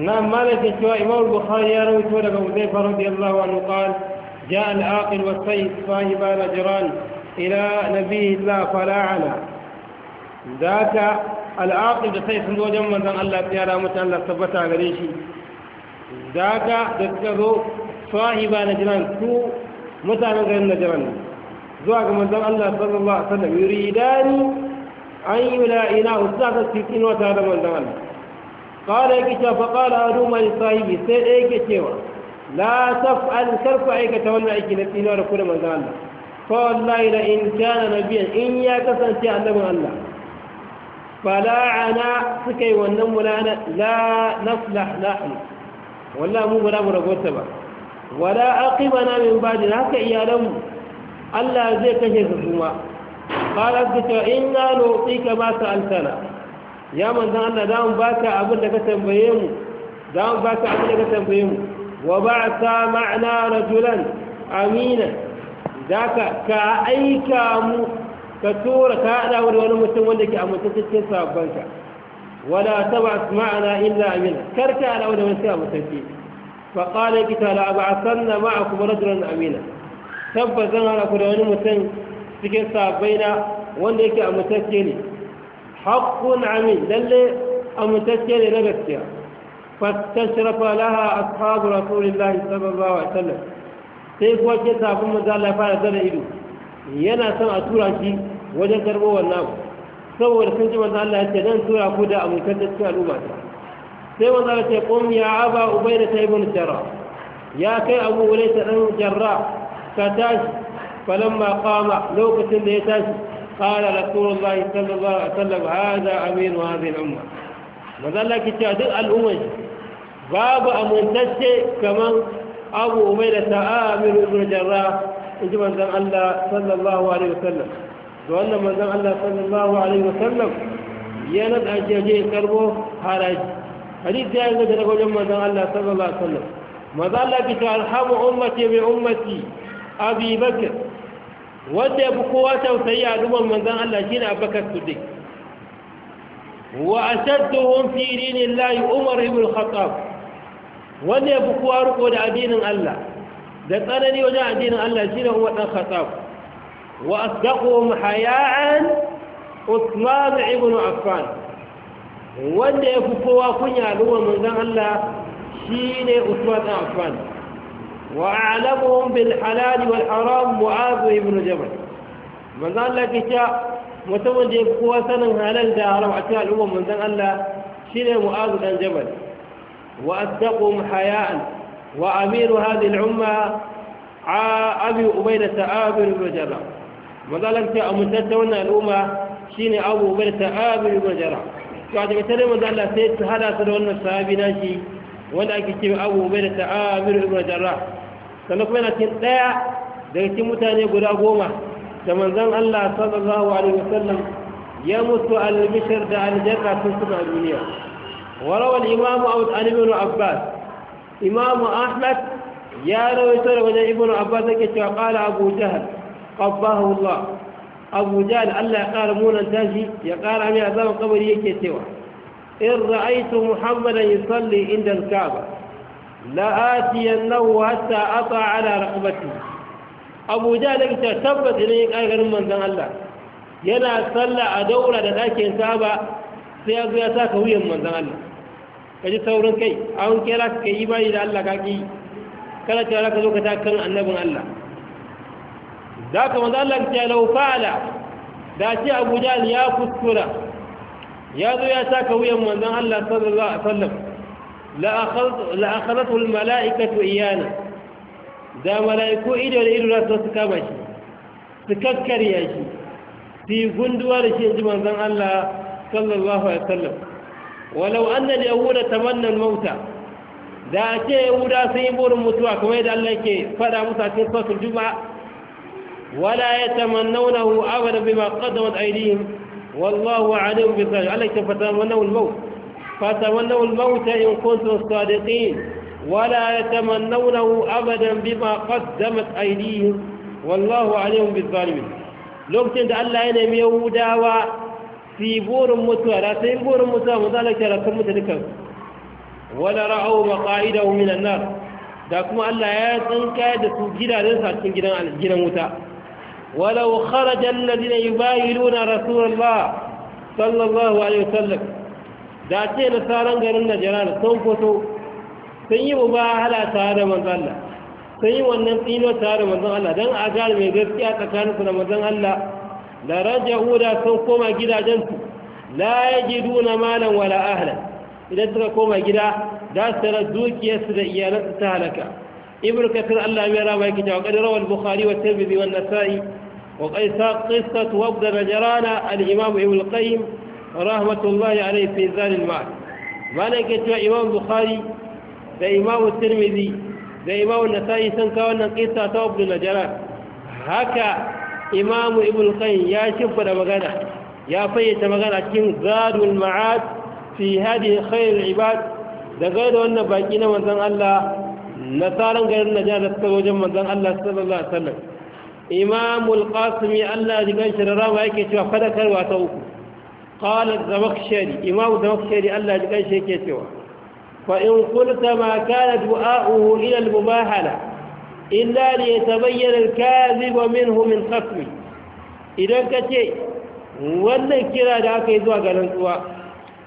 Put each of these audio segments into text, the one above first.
نعم مالك سوى إمام البخاري يروي سورة حذيفة رضي الله عنه قال جاء العاقل والسيد صاحبا نجران إلى نبي الله فلاعنا ذاك العاقل da sai sun zo wajen manzon Allah ya ra Allah tabbata gare shi daga da suka zo sahiba na jiran su mutanen garin na jiran zuwa ga manzon Allah sallallahu alaihi wasallam yuridani an da kawai yake cewa faƙaɗa a rumar sahibi sai ɗaya yake cewa la tafi'an karfi aikata wannan aiki na tsinawar kudin manzan Allah kawai Allah in kyana na biyan in ya kasance annabin Allah fala'ana suka yi wannan mulana la nafla la'ani walla mu ba mu ragota ba wala aqiba na min baji na haka iyalanmu Allah zai kashe su kuma kawai yake cewa in na lotsi ka ba ta alkana ya manzan Allah za mu baka abin da ka tambaye mu za mu baka abin da ka tambaye mu wa ba'sa ma'ana rajulan amina zaka ka aika mu ka tura ka hada da wani mutum wanda ke amintaccen sabbanka wala tabas ma'ana illa amina karka hada da wani sai amintacce fa qala kita la ba'sanna ma'akum rajulan amina tabbazan hada ku da wani mutum cikin sabbaina wanda yake amintacce ne haƙƙun amin lalle amintacce ne na gaskiya fastashrafa laha ashabu rasulillahi sallallahu alaihi wasallam sai kuwa ke sabon manzo Allah fara zara ido yana son a tura shi wajen karbo wannan saboda sun ji manzo Allah ya ce zan tura ku da amintacce al'umma ta sai manzo Allah ya ce qum ya aba yi ibn jarrah ya kai abu ta ɗan jarra. ka tashi falamma qama lokacin da ya tashi قال رسول الله صلى الله عليه وسلم هذا أمين هذه الأمة وذلك تأدئ الأمة باب أمن تشي كمان أبو أميرة آمن ابن جراح إذا من ذن الله صلى الله عليه وسلم وأن من ذن الله صلى الله عليه وسلم يند أجيجي كربو حرج حديث جاء عند رجل من ذن الله صلى الله عليه وسلم ما ذلك تأرحم أمتي بأمتي أبي بكر wanda ya fi kowa tausayi a duban manzan Allah shi ne abakar sudik wa a shaddohun fili ne layi umar ibn khattab wanda ya fi kowa riko da addinin Allah da tsanani wajen addinin Allah shi ne umar ɗan khattab wa a daƙo haya'an usman ibn affan wanda ya fi kowa kunya a duban manzan Allah shi ne usman ɗan affan وأعلمهم بالحلال والحرام معاذ بن جبل من ذا الله كشاء متون جيب قوة سنة هلال دا حرام عشاء الأمم من ذا الله شين معاذ بن جبل وأصدقهم حياء وأمير هذه الأمة أبي أبيدة آبر بن جرح من ذا الله كشاء متون الأمة شين أبو أبيدة آبر بن جرح بعد مثلا من ذا الله سيد هذا سنة الصحابي ناشي ولا كتب أبو أبيدة آبر بن جرح sannan kuma yana cikin ɗaya daga cikin mutane guda goma da manzon Allah sallallahu alaihi wasallam ya mutu al-bishr da aljanna tun suna duniya warawa al-imamu Abu Ibn Abbas imamu Ahmad ya rawaito da wajen Ibn Abbas yake cewa qala Abu Jahl qabbahu Allah Abu Jahl Allah ya ƙara munan tashi ya ƙara mai azaban kabari yake cewa in ra'aytu Muhammadan yusalli inda al-Ka'bah nahu hatta ata ala raqabati abu jahl ta tabbata ne ƙarƙarin manzon Allah yana sallah a daura da dakin saba sai ya zo ya saka wuyan manzon Allah ka ji saurin kai an kera ka yi bayi da Allah ka ki kana cewa ka zo ka ta kan annabin Allah za ka manzon Allah ce lau fa'ala da shi abu jahl ya kuskura ya zo ya saka wuyan manzon Allah sallallahu alaihi wasallam la'akhalatu almala'ikatu iyana da mala'iku ido da ido za su kama shi su kakkarya shi su yi gunduwa da shi in ji manzon Allah sallallahu alaihi wasallam walau anna al-yawuda tamanna al-mauta da ce yahuda sun yi burin mutuwa kamar da Allah ke fada musu a cikin suratul juma'a wala abada فتمنوا الموت إن كنتم صادقين ولا يتمنونه أبدا بما قدمت أيديهم والله عليهم بالظالمين لوكتين ده الله ينمي يهوداوا في بور متوى لا سين بور متوى مذلك لا كم تلكم ولا رأوا مقاعده من النار da kuma Allah ya tsinka da su gidajen sa cikin gidan gidan wuta walau kharaja alladhina yubayiluna rasulullah sallallahu alaihi wasallam da ce nasaran garin najarar sun fito sun yi mubahala tare da manzon Allah sun yi wannan tsino tare da manzon Allah don a gane mai gaskiya su da manzon Allah da rajahu da sun koma gidajensu la yajiduna malan wala ahlan idan suka koma gida za su tara dukiyarsu da iyalansu ta halaka ibnu kathir Allah ya rama yake cewa qad rawal bukhari wa tirmidhi wa an-nasa'i wa qaisa qissatu wabd najran al-imam ibn qayyim rahmatullahi alaihi fi zalil ma'ad malam ke cewa imam bukhari da imam tirmidhi da imam nasa'i sun kawo wannan kissa ta ibn najara haka imam ibn qayyim ya shimfa da magana ya fayyace magana cikin zadul ma'ad fi hadi khairul ibad da gaida wannan baki na manzon Allah nasaran garin najara da suka wajen manzon Allah sallallahu alaihi wasallam imam al-qasimi Allah ya ganshi da rama yake cewa fadakarwa ta uku قال الزمخشري إمام الزمخشري الله جل شيكته فإن قلت ما كان دعاؤه إلى المباهلة إلا ليتبين الكاذب منه من idan إذا كتي wannan kira da aka yi zuwa ga rantsuwa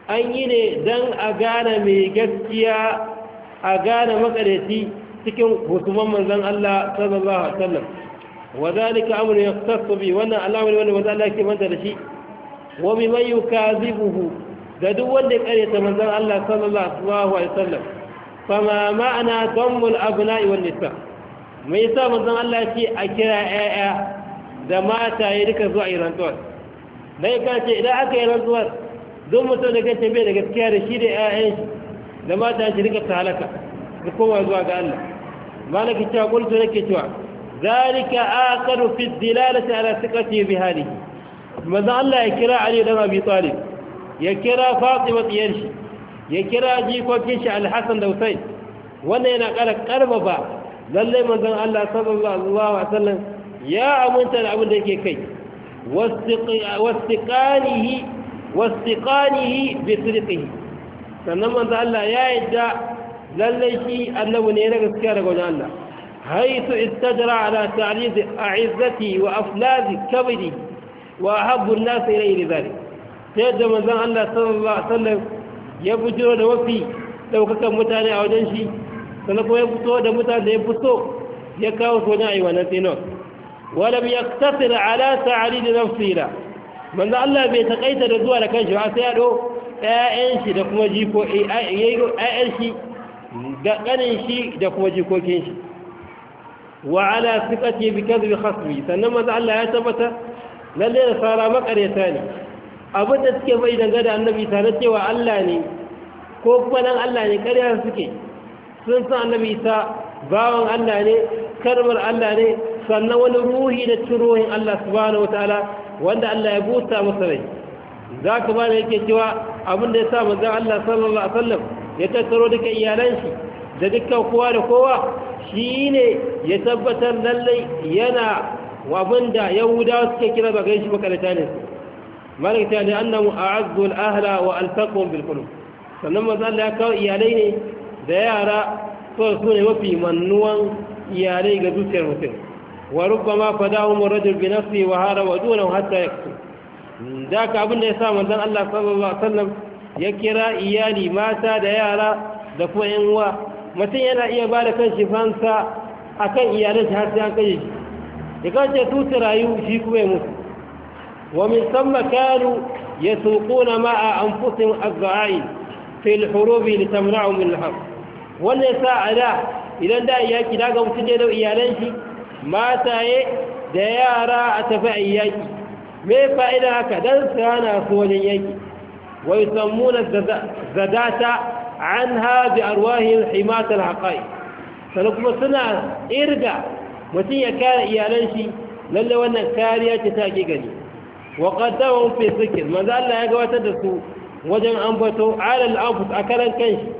an yi ne don a gane mai gaskiya a gane makareci cikin hutuman manzan Allah sallallahu Alaihi wasallam wa zalika amur ya sassu wannan alamar wanda wanda Allah ke manta da shi wa kazi yukazibuhu da duk wanda ya karyata manzon Allah sallallahu alaihi wasallam fama ma'ana dammul abna'i wan nisa me yasa manzon Allah ce a kira 'ya'ya da mata ya duka zuwa iran tuwar dai ka ce idan aka yi rantsuwar don mutum da kace bai da gaskiya da shi da 'ya'yan shi da mata ya duka ta halaka da kowa zuwa ga Allah malaki cewa kultu nake cewa zalika aqaru fi dilalati ala thiqati bi hadihi maza Allah ya kira Ali dan Abi Talib ya kira Fatima tsiyar shi ya kira jikokin shi Al-Hasan da Husayn wannan yana ƙara ƙarfafa lalle manzon Allah sallallahu alaihi wasallam ya aminta da abin da yake kai wastiqanihi wastiqanihi bi sidqihi sannan manzon Allah ya yadda lalle shi annabi ne na gaskiya daga wajen Allah حيث استجرى على تعريض wa وأفلاذ كبدي wa habbun nasu irai da zari ta yadda manzan Allah sallallahu alaihi wasallam ya fito da wafi daukakan mutane a wajen shi sannan kuma ya fito da mutane da ya fito ya kawo su wajen aiwa nan tsinon walam ya tafi tasir ala ta'ali da nafsira manzan Allah bai takaita da zuwa da kanshi ba sai ya ɗo ƴaƴan shi da kuma jiko ƴaƴan shi da ƙanin shi da kuma jikokin shi wa ala siƙati bi kadhibi khasbi sannan manzan Allah ya tabbata lalle da sara makaryata ne abin da suke bai danga da annabi tare cewa Allah ne ko kuma nan Allah ne karya suke sun san annabi isa bawan Allah ne karmar Allah ne sannan wani ruhi da cirohin Allah subhanahu wataala wanda Allah ya buta masa rai za ka ba da yake cewa abin da ya sa manzan Allah sallallahu alaihi wasallam ya tattaro duka iyalan shi da dukkan kowa da kowa shi ne ya tabbatar lallai yana suke وأظن دا ne سككرا بغيش مكالتاني مالكتاني أنه أعز الأهل وألفقهم بالقلوب sannan maza Allah ya kawo iyalai ne da yara kawai su ne mafi mannuwan iyalai ga zuciyar mutum wa rubba ma fada umar rajul bi nafsi wa hara wa duna hatta yaktu da ka abin da ya sa manzon Allah sallallahu alaihi wasallam ya kira iyali mata da yara da kuma yan uwa mutum yana iya ba da kanshi fansa akan iyalai har sai an kai shi ya kace su rayu shi kuma ya mutu wa min samma kanu yasuquna ma'a anfusihim az-za'i fi al-hurubi litamna'u min al-haq wannan sa ada idan da iyaki daga mutun da iyalan shi mataye da yara a tafi iyaki. me fa'ida haka dan sana su wajen yaki wa yusammuna zadata anha bi arwahi himat al-haqa'i sannan kuma suna irga mutum ya kare iyalan shi lalle wannan kariya ce ta hakika ne wa qaddamu fi zikr manzo Allah ya gabatar da su wajen ambato ala al-anfus a karan kanshi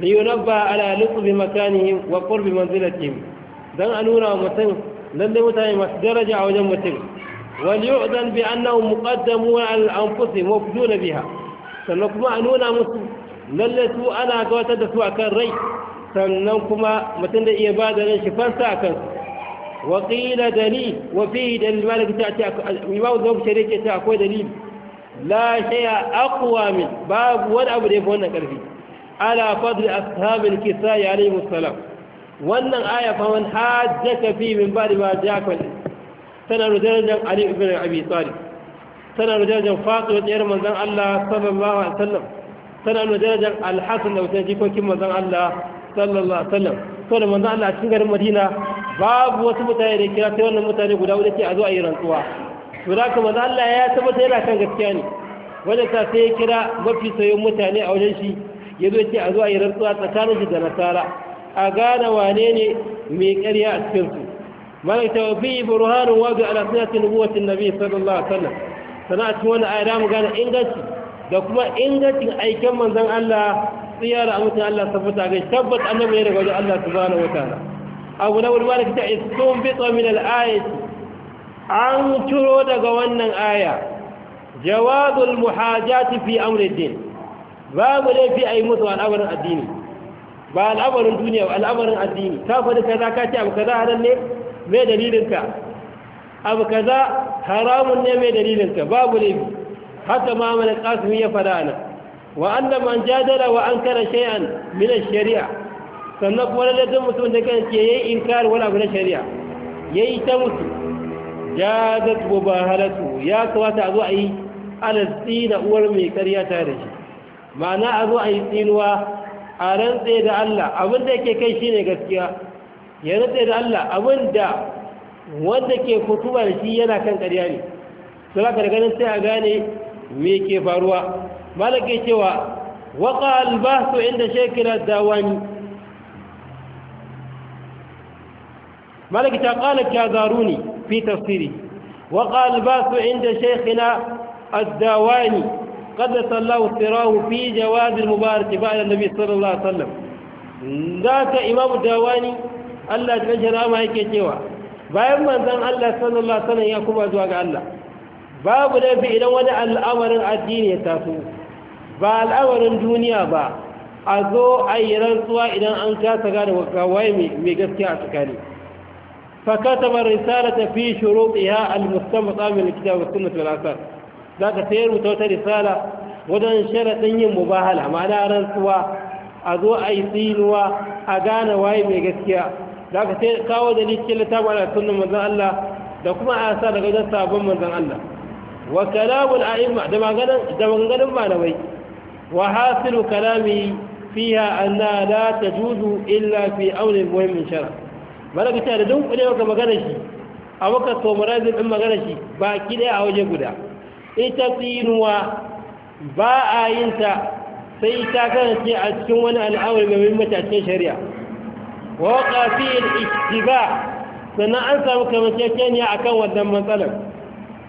li yunabba ala lutfi makanihim wa qurbi manzilatihim dan a nuna mutum lalle mutane masu daraja a wajen mutum wal yu'dan bi annahum muqaddamun ala al-anfusihim mafduna biha sannan kuma a nuna musu lalle su ana gabatar da su akan rai sannan kuma mutum da iya ba da ran shi fansa akan su وقيل دليل وفيه دليل مالك تأتي يماو ذوب شريك تأكوي دليل لا شيء أقوى من باب ولا أبدا يفونا كرفي على فضل أصحاب الكساء عليهم السلام وأن آية فمن حاجك فيه من بعد ما جاءك سنة رجاجا علي بن أبي طالب سنة رجاجا فاطمة إرمان ذن الله صلى الله عليه وسلم سنة رجاجا الحسن لو تنجيكم كما ذن الله صلى الله عليه وسلم سنة من ذن الله أتنقر المدينة babu wasu mutane da kira sai wannan mutane guda wadda ce a zuwa yi rantsuwa to da kuma da Allah ya tabbata yana kan gaskiya ne wadda ta sai ya kira mafi sayon mutane a wajen shi ya zo ce a zuwa yi rantsuwa tsakanin shi da nasara a gane wane ne mai ƙarya a cikin su malaka ta wafi burhanun wazo ala sunnati nubuwatin nabi sallallahu alaihi wasallam sana a cikin wannan ayar mu gane inganci da kuma ingancin aikin manzon Allah tsiyara a mutum Allah tabbata ga tabbata annabi ne daga wajen Allah subhanahu ta'ala abu na wulma da fita iskun fito min al'ayati an turo daga wannan aya jawazul muhajati fi amriddin babu laifi a yi musu al'amarin addini ba al'amarin duniya ba al'amarin addini ka faɗi kaza ka ce abu kaza haram ne mai dalilinka abu kaza haramun ne mai dalilinka babu laifi haka ma mana kasumi ya faɗa nan wa annan man jadala wa an kara shay'an min shari'a sannan kuma lalle don mutum da kan ce yayi inkar wani abu na shari'a yayi ta mutu jazat wa bahalatu ya kawata a zo a yi uwar mai karya ta da shi ma'ana a zo a yi tsinuwa a rantse da Allah abin da yake kai shine gaskiya ya rantse da Allah abin da wanda ke kutuba da shi yana kan karya ne sai ka daga sai a gane me ke faruwa malaka cewa waqa al inda shekira dawani مالك قال الجازاروني في تفسيره وقال الباس عند شيخنا الداواني قدس الله سراه في جواز المبارك بعد النبي صلى الله عليه وسلم ذاك إمام الداواني الله تنجر أما هيك جوا bayan manzon Allah sallallahu alaihi wasallam ya kuma zuwa ga Allah babu da fi idan wani al'amarin addini ya taso ba al'amarin duniya ba a zo a yi rantsuwa idan an kasa gane waye mai gaskiya a فكتب الرسالة في شروطها المستمطة من الكتاب والسنة والآثار ذاك سير متوتى رسالة ودن شرط مباهلة معنى رنسوا أذو أي سينوا أغانا واي ميغسكيا ذاك سير كاو دليل كلا تابع على سنة من الله دكما آثار غدا سابن من الله وكلام الأئمة دمغنا ما نوي وحاصل كلامي فيها أنها لا تجوز إلا في أمر مهم من شرع bala ka da don kuɗe maka magana shi a maka tomarazin ɗin magana shi ki ɗaya a waje guda ita tsinuwa ba a yin ta sai ta kasance a cikin wani al'amari mai muhimmanci a cikin shari'a wa qafil ittiba sannan an samu kamanceceniya akan wannan matsalar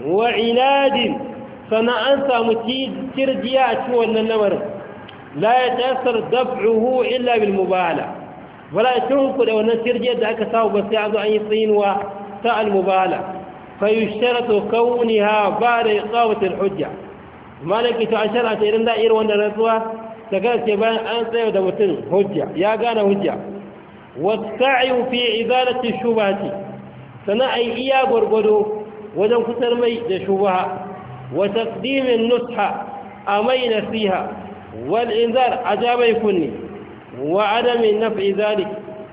wa iladin sannan an samu a cikin wannan lamarin la ya tasar daf'uhu illa bil mubahala ba za tunku da wannan tirjiyar da aka samu ba sai a zo an yi tsinuwa ta almubala fayushtaratu kauniha ba da tsawatar hujja malaki to an shara ta irin da'ir wanda rantsuwa ta gaske bayan an tsaye da mutum hujja ya gane hujja wasa'i fi izalati shubhati sana ai iya gurgudu wajen kusar mai da shubha wa taqdimin nusha amai nasiha wal inzar ajabai kunni wa adami naf'i zalik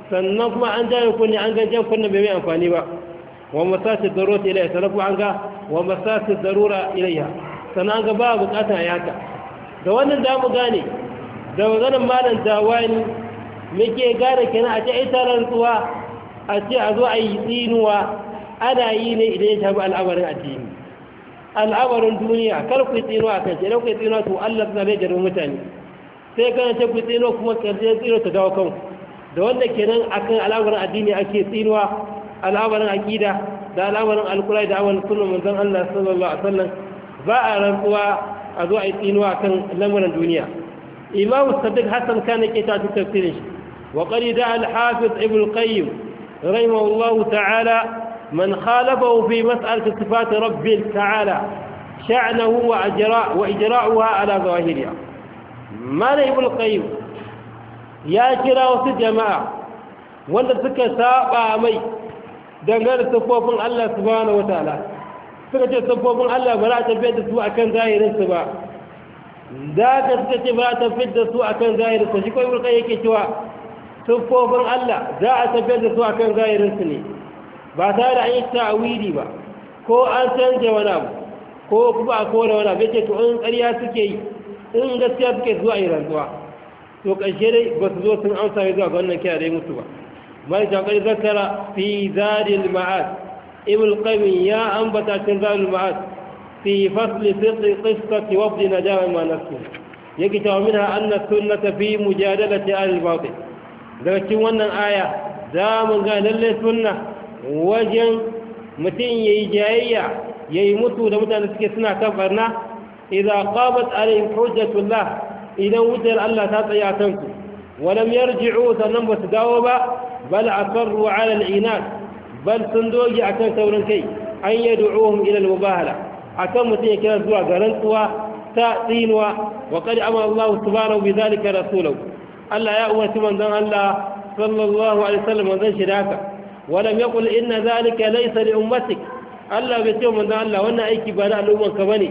sannan kuma an jaye kunni an ga jan kunni bai mai amfani ba wa masasi darura ilayya salafu an ga wa masasi darura ilayya sannan ga ba bukata ya ta da wannan da mu gane da maganin malam dawani muke gane kenan a ce ai tarar tsuwa a ce a zo a yi tsinuwa ana yi ne idan ya shafi al'amarin addini al'amarin duniya kar ku yi tsinuwa kan shi idan ku yi tsinuwa to Allah zai jarin mutane sai gane ta ku tsino kuma karshe tsino ta dawo kanku da wanda kenan akan al'amarin addini ake tsinuwa al'amarin aqida da al'amarin alkulai da awal kullum manzon Allah sallallahu alaihi wasallam ba a rantsuwa a zo a yi tsinuwa akan lamarin duniya imamu sadiq hasan kana ke ta tafsirin shi وقد دعا الحافظ ابن القيم رحمه الله تعالى من خالفه في مسألة صفات رب تعالى شعنه وإجراءها على ظاهرها mana ibn qayyim ya kira wasu jama'a wanda suka saba mai dangane da sufofin Allah subhanahu wataala suka ce sufofin Allah ba za a tafi da su akan zahirin su ba da ka suka ce ba za a tafiyar da su akan zahirin su shi ko ibn qayyim yake cewa sufofin Allah za a tafi da su akan zahirin su ne ba tare da an yi ta'awili ba ko an canja wani abu ko kuma a kowane wani abu yake to in ƙarya suke yi in gaskiya suke zuwa yi rantsuwa to ƙarshe dai ba su zo sun amsa mai zuwa ga wannan kira dai mutu ba mai shakar zakara fi zadil ma'ad ibul qayyim ya ambata cikin zadil ma'ad fi fasli fiqi qissati wafdi najama ma nafsu yake cewa minha anna sunnata fi mujadalati ahli batil daga cikin wannan aya za mu ga lalle sunna wajen mutum yayi jayayya yayi mutu da mutane suke suna kan barna idza qamat alaihim hujjatullah idan hujjar Allah ta tsaya kanku walam yarji'u sannan ba su dawo ba bal asarru ala al-inat bal sun doge akan saurin kai an yad'uhum ila al-mubahala akan mutum ya kira zuwa ga rantsuwa ta tsinuwa wa qad amara Allah subhanahu bi zalika rasulahu Allah ya umarci manzon Allah sallallahu alaihi wasallam manzon shi da haka ولم يقل إن ذلك ليس لأمتك ألا بيتيوم من الله وأن أيكي بناء الأمم كبني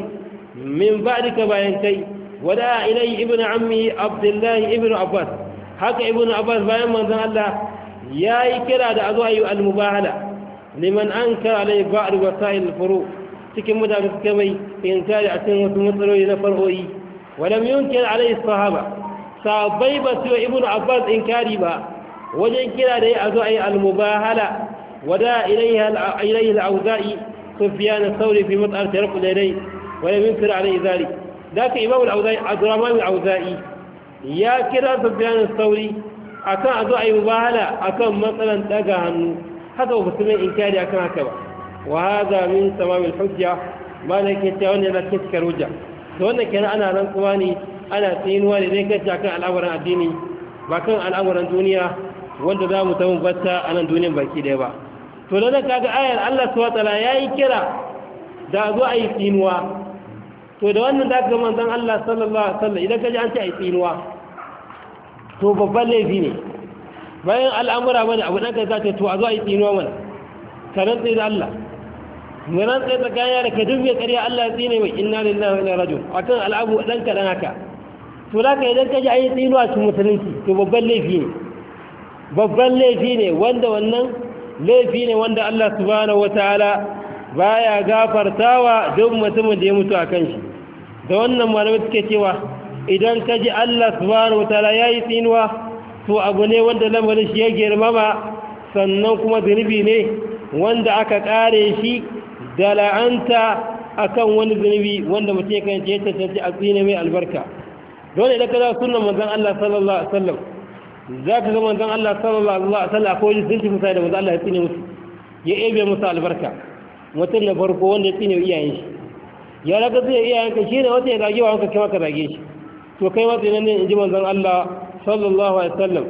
min ba'dika bayan kai wada ilai ibnu ammi abdullahi ibnu abbas haka ibnu abbas bayan manzon Allah yayi kira da azu ayu al-mubahala liman ankara alai ba'd wasa'il furu cikin mutane suka mai inkari a cikin wasu matsaloli na far'o'i wadam yunkin alai sahaba sabai ba su ibnu abbas inkari ba wajen kira da ya azu ayi al-mubahala wada ilaiha ilaihi al-auza'i sufyan al-thawri fi mat'ar tarqu dai wani mintar a rai da ka imam al'auza'i a ya kira sabbiyanin sauri a kan a zo a yi kan matsalan daga hannu haka ba su mai inkari a haka ba wa haza min ba na ke cewa wani yana cikin da wannan kenan ana nan ne ana tsinuwa da zai kace akan al'amuran addini ba kan al'amuran duniya wanda za mu a nan baki ɗaya ba to da kaga ayar Allah subhanahu watsala yayi kira da tsinuwa to da wannan za ka ga manzon Allah sallallahu alaihi wasallam idan kaji an ce ai tsinuwa to babban laifi ne bayan al'amura mana abu dan kai zata to a zo a yi tsinuwa mana ka tsaye da Allah muran tsaye yara ka kadin mai ƙarya Allah ya tsine mai inna lillahi wa rajo. A kan al'abu dan kadan haka to za kai idan ka kaji ai tsinuwa cikin musulunci to babban laifi ne babban laifi ne wanda wannan laifi ne wanda Allah subhanahu wataala baya gafartawa duk mutumin da ya mutu akan shi da wannan malamai suke cewa idan ka ji Allah subhanahu wataala yayi tsinuwa to abu ne wanda lamarin shi ya girmama sannan kuma zunubi ne wanda aka kare shi da la'anta akan wani zunubi wanda mutum ya kan ce cancanci a tsine mai albarka dole idan ka za sunan manzon Allah sallallahu alaihi wasallam za ka ga manzon Allah sallallahu alaihi wasallam akwai wani sun da manzon Allah ya tsine musu ya ebe musu albarka mutum na farko wanda ya tsine iyayen shi ya raga zai iyayen ka shi ne wata ya zage wa wanka kai maka zage shi to kai matsayi nan ne in ji manzon Allah sallallahu alaihi wasallam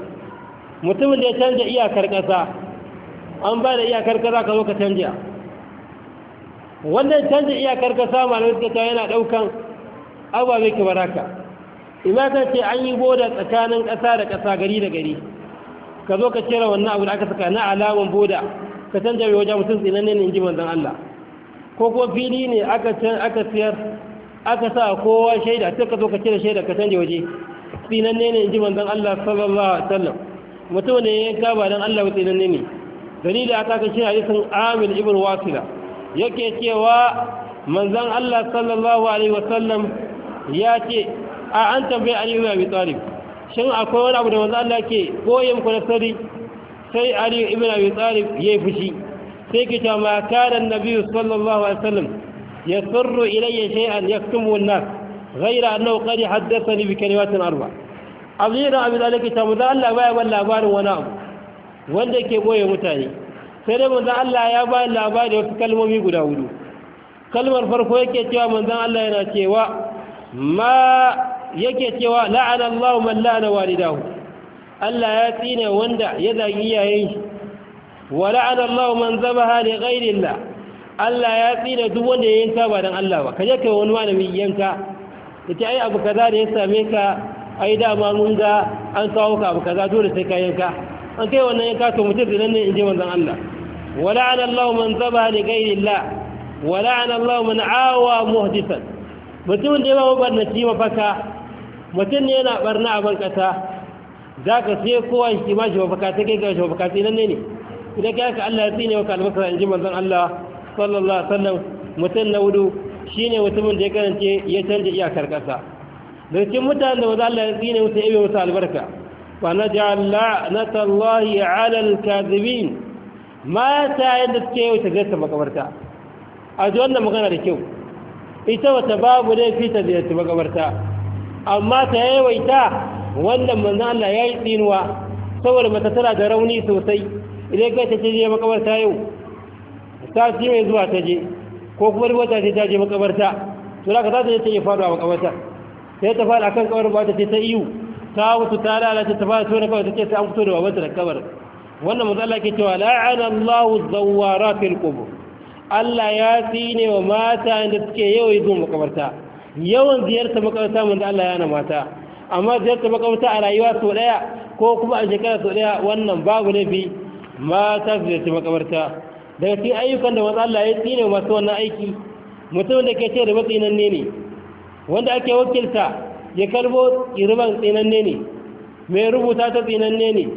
mutumin da ya canja iyakar ƙasa an ba da iyakar ƙasa ka zo ka canja wannan canja iyakar ƙasa malamai suka ta yana ɗaukan ababe kamar haka ina ce an yi boda tsakanin ƙasa da ƙasa gari da gari ka zo ka cire wannan abu da aka saka na alaman boda ka canja mai wajen mutum tsinanne ne in ji manzan Allah ko ko fili ne aka siyar aka sa kowa shaida sai ka zo ka cire shaida ka canja waje tsinanne ne in ji manzan Allah sallallahu alaihi wasallam mutum ne ya yanka ba dan Allah ba tsinanne ne dalili aka ka shi hadisin Amil ibn Wasila yake cewa manzan Allah sallallahu alaihi wasallam ya ce a an tambaye Ali ibn Abi Talib shin akwai wani abu da manzan Allah ke koyi muku na sirri sai ali ibn abi talib yayi fushi sai ki ta ma kana annabi sallallahu alaihi wasallam yasirru ilayya shay'an yaktumu an-nas ghayra annahu qad haddathani bi kalimatin arba ali ibn abi talib ki ta mu da Allah baya ban labarin wani abu wanda ke goye mutane sai dai manzon Allah ya ba labari wasu kalmomi guda hudu kalmar farko yake cewa manzon Allah yana cewa ma yake cewa la'ana Allahu man la'ana walidahu Allah ya tsine wanda ya zagi iyayen shi wa la'ana Allah man zabaha li ghairillah Allah ya tsine duk wanda ya yanka ba dan Allah ba kaje kai wani malami yanka yace ai abu kaza da ya same ka ai ma mun ga an kawo ka abu kaza dole sai ka yanka an kai wannan yanka to mutum zinan ne inje manzon Allah wa la'ana Allah man zabaha li ghairillah wa la'ana Allah man awa muhdithan mutumin da ya ba ci mafaka mutum ne yana barna a ban za ka sai kowa shi ma shi mafaka ta kai ga shi mafaka sai nan ne idan ka yaka Allah ya tsine wa kalmasa in ji manzon Allah sallallahu alaihi wasallam mutum na wudu shine mutumin da ya karance ya canja iyakar kasa da cikin mutanen da wanda Allah ya tsine musu ibe musu albarka wa naj'al la'natallahi 'ala al-kadhibin mata yadda suke yau ta gaisa makabarta a ji wannan magana da kyau ita wata babu dai fitar da ta makabarta amma ta yawaita wannan manzo Allah ya yi tsinuwa saboda mata tana da rauni sosai idan kai ta je makabarta yau ta sati mai zuwa ta je ko kuma wata ce ta je makabarta to zaka za ta je ta yi faruwa makabarta sai ta fara akan kabarin ba ta ce ta iyu ta mutu ta lalace ta fara tona kawai ta ce ta an fito da babanta da kabar wannan manzo Allah ke cewa la'ana Allahu zawwara fil qubur Allah ya tsine wa mata da suke yi zuwa makabarta yawan ziyarta makabarta manzo Allah ya na mata amma ziyarta makamta a rayuwa sau daya ko kuma a shekara sau daya wannan babu laifi mata su ziyarci makabarta daga cikin ayyukan da masu Allah ya tsine masu wannan aiki mutumin da ke ce da matsinanne ne wanda ake wakilta ya karbo irin tsinanne ne mai rubuta ta tsinanne ne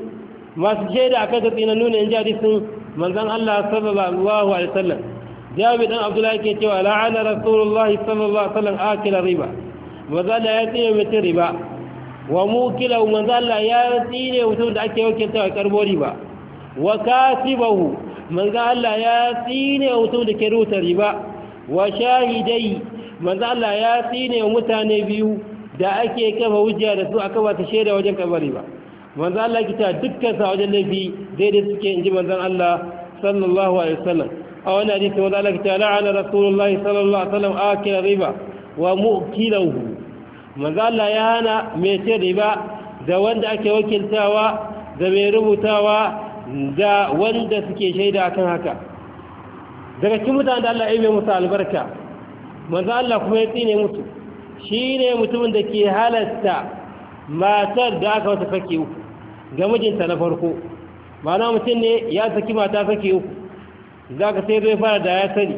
masu shaida a kan ta tsinannu ne in ji hadisin manzan Allah sallallahu alaihi wasallam jabi dan abdullahi ke cewa la'ana rasulullahi sallallahu alaihi wasallam akila riba wa da ya tsine mutum riba wa mukila manzo Allah ya tsine mutum da ake wakilta a karbori ba wa kasibahu manzo Allah ya tsine mutum da ke rubuta riba wa shahidai manzo Allah ya tsine mutane biyu da ake kafa hujja da su aka ba ta shaida wajen kabari ba manzo Allah kita dukkan sa wajen laifi daidai suke inji manzon Allah sallallahu alaihi wasallam a wannan hadisi manzo Allah kita la'ana rasulullahi sallallahu alaihi wasallam akila riba wa mu'kilahu mazala ya hana mai ce riba da wanda ake wakiltawa da mai rubutawa da wanda suke shaida akan haka daga cikin mutanen da Allah ya yi musu albarka manzo Allah kuma ya tsine musu ne mutumin da ke halasta matar da aka wata saki uku ga mijinta na farko Mana mutum ne ya saki mata saki uku za ka sai zai fara da ya sani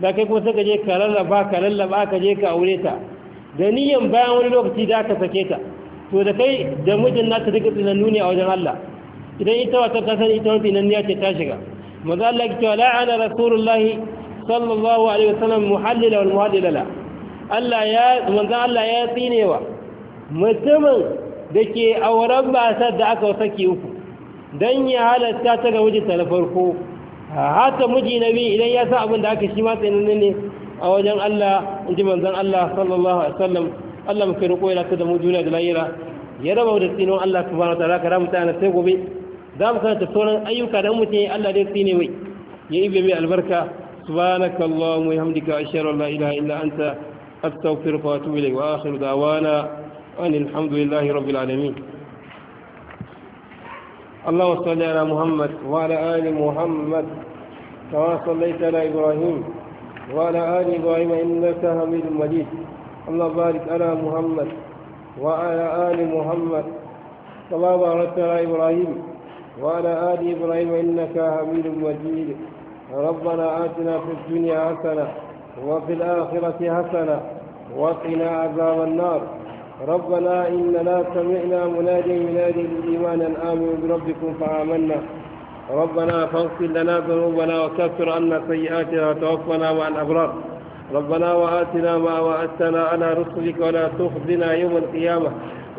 za kai kuma sai ka je ka lallaba ka lallaba ka je ka aure ta da niyan bayan wani lokaci da aka sake ta to da kai da mijin na ta rika tsinannu ne a wajen Allah idan ita wata ta san ita wata ya ce ta shiga maza Allah ki cewa la'ana rasulullahi sallallahu alaihi wasallam muhallila wal muhallilala Allah ya manzo Allah ya tsine wa. mutumin da ke auren basar da aka saki uku dan ya halatta ta ga mijinta na farko hata miji na biyu idan ya san abin da aka shi ma tsinannu ne a wajen Allah in ji manzon Allah sallallahu alaihi wasallam Allah muke roƙo yana ta da mu duniya da layira ya raba da tsinon Allah subhanahu tara ka ramu na sai gobe za mu karanta sauran ayyuka da mutum Allah dai tsine mai ya ibe mai albarka subhanaka allahumma wa hamdika ashhadu an la ilaha illa anta astaghfiruka wa atubu ilayk wa akhiru da'wana أن الحمد لله رب العالمين اللهم صل على محمد وعلى آل محمد كما صليت على إبراهيم وعلى آل إبراهيم إنك حميد مجيد اللهم بارك على محمد وعلى آل محمد كما باركت على إبراهيم وعلى آل إبراهيم إنك حميد مجيد ربنا آتنا في الدنيا حسنة وفي الآخرة حسنة وقنا عذاب النار ربنا إننا سمعنا مناديا ينادي الإيمان أن آمنوا بربكم فآمنا ربنا فاغفر لنا ذنوبنا وكفر عنا سيئاتنا وتوفنا مع الأبرار ربنا وآتنا ما وعدتنا على رسلك ولا تخزنا يوم القيامة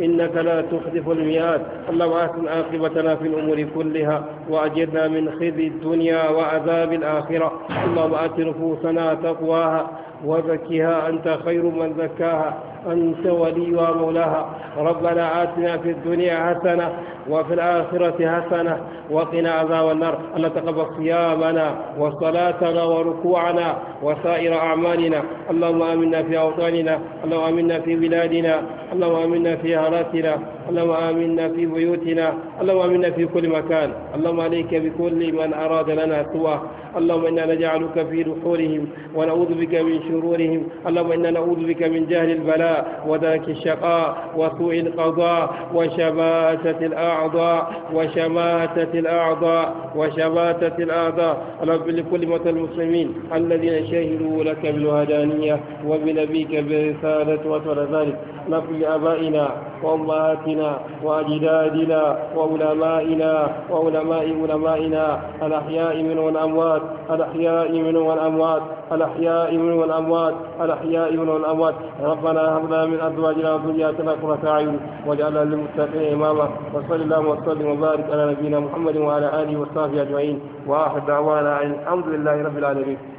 إنك لا تخلف الميعاد اللهم أحسن عاقبتنا في الأمور كلها وأجرنا من خزي الدنيا وعذاب الآخرة اللهم آت نفوسنا تقواها وزكها أنت خير من زكاها أنت ولي ومولاها ربنا آتنا في الدنيا حسنة وفي الآخرة حسنة وقنا عذاب النار أن تقبل صيامنا وصلاتنا وركوعنا وسائر أعمالنا اللهم آمنا في أوطاننا اللهم آمنا في بلادنا اللهم آمنا في أهلاتنا اللهم آمنا في بيوتنا اللهم آمنا في كل مكان اللهم عليك بكل من أراد لنا سوى اللهم إنا نجعلك في نحورهم ونعوذ بك من شر شرورهم اللهم إنا نعوذ بك من جهل البلاء وذاك الشقاء وسوء القضاء وشماتة الأعضاء وشماتة الأعضاء وشماتة الأعضاء رب لكل موتى المسلمين الذين شهدوا لك بالوهدانية وبنبيك برسالة وتر ذلك نقل لآبائنا وأمهاتنا وأجدادنا وعلمائنا وعلماء علمائنا الأحياء منهم والأموات الأحياء منهم والأموات الأحياء والأموات الأحياء والأموات ربنا هب لنا من أزواجنا وذرياتنا قرة أعين واجعلنا للمتقين إماما وصلى اللهم وسلم وبارك على نبينا محمد وعلى آله وصحبه أجمعين وآخر دعوانا الحمد لله رب العالمين